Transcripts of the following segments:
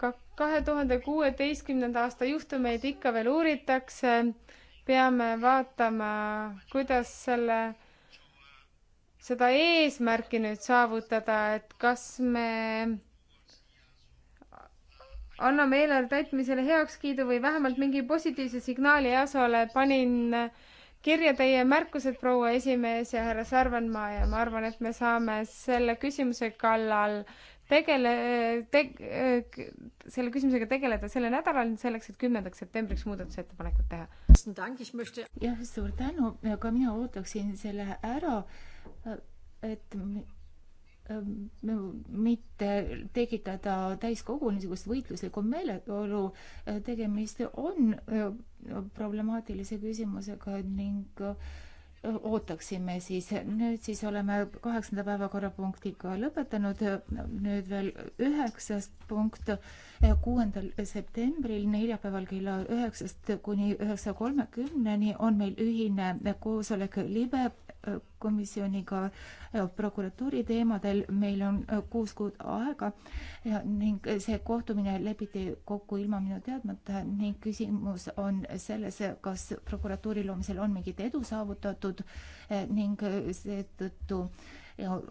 ka kahe tuhande kuueteistkümnenda aasta juhtumeid ikka veel uuritakse, peame vaatama, kuidas selle, seda eesmärki nüüd saavutada, et kas me anname eelarve täitmisele heakskiidu või vähemalt mingi positiivse signaali EASO-le, panin kirja teie märkused, proua esimees ja härra Sarvenmaa ja ma arvan, et me saame selle küsimuse kallal tegele te,, äh, selle küsimusega tegeleda sellel nädalal selleks, et kümnendaks septembriks muudatusettepanekud teha. jah, suur tänu, ka mina ootaksin selle ära, et äh, mitte tekitada täiskogul niisugust võitluslikku meeleolu, äh, tegemist on problemaatilise küsimusega ning äh, ootaksime siis. nüüd siis oleme kaheksanda päevakorrapunktiga lõpetanud, nüüd veel üheksas punkt, kuuendal septembril, neljapäeval kella üheksast kuni üheksa kolmekümneni on meil ühine koosolek libe komisjoniga äh, prokuratuuri teemadel. meil on äh, kuus kuud aega ning see kohtumine lepiti kokku ilma minu teadmata ning küsimus on selles, kas prokuratuuri loomisel on mingit edu saavutatud äh, ning seetõttu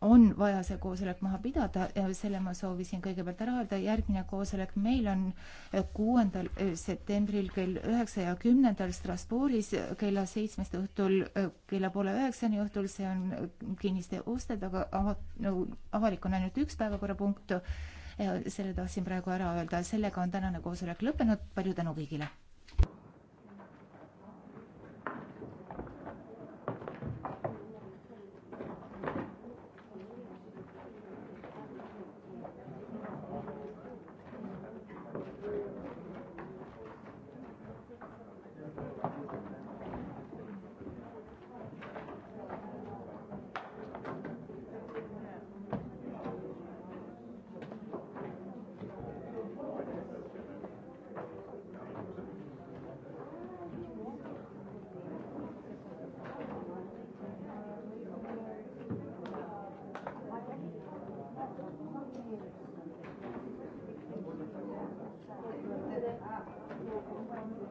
on vaja see koosolek maha pidada, selle ma soovisin kõigepealt ära öelda, järgmine koosolek meil on eh, kuuendal eh, septembril kell üheksa ja kümnendal Strasbourgis eh, kella seitsmest õhtul kella poole üheksani õhtul, see on kinniste uste taga, ava-, no avalik on ainult üks päevakorrapunkt, selle tahtsin praegu ära öelda, sellega on tänane koosolek lõppenud, palju tänu kõigile!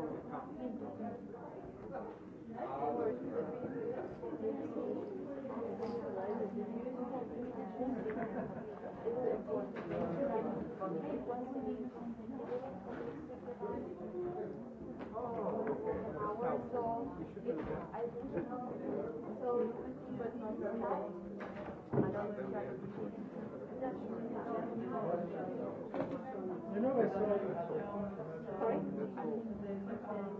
You know, I saw you. Sorry?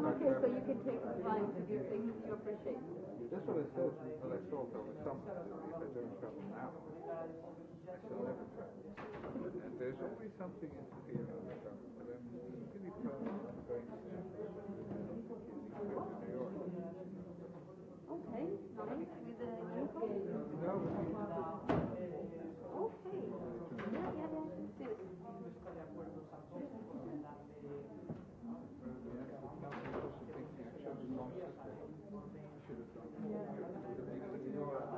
Okay, so you can take the time to do things you appreciate. That's what I said when I saw them with some, if I don't travel now, I shall never travel. And there's always something in here that I'm really proud of going to New York. Okay, nice.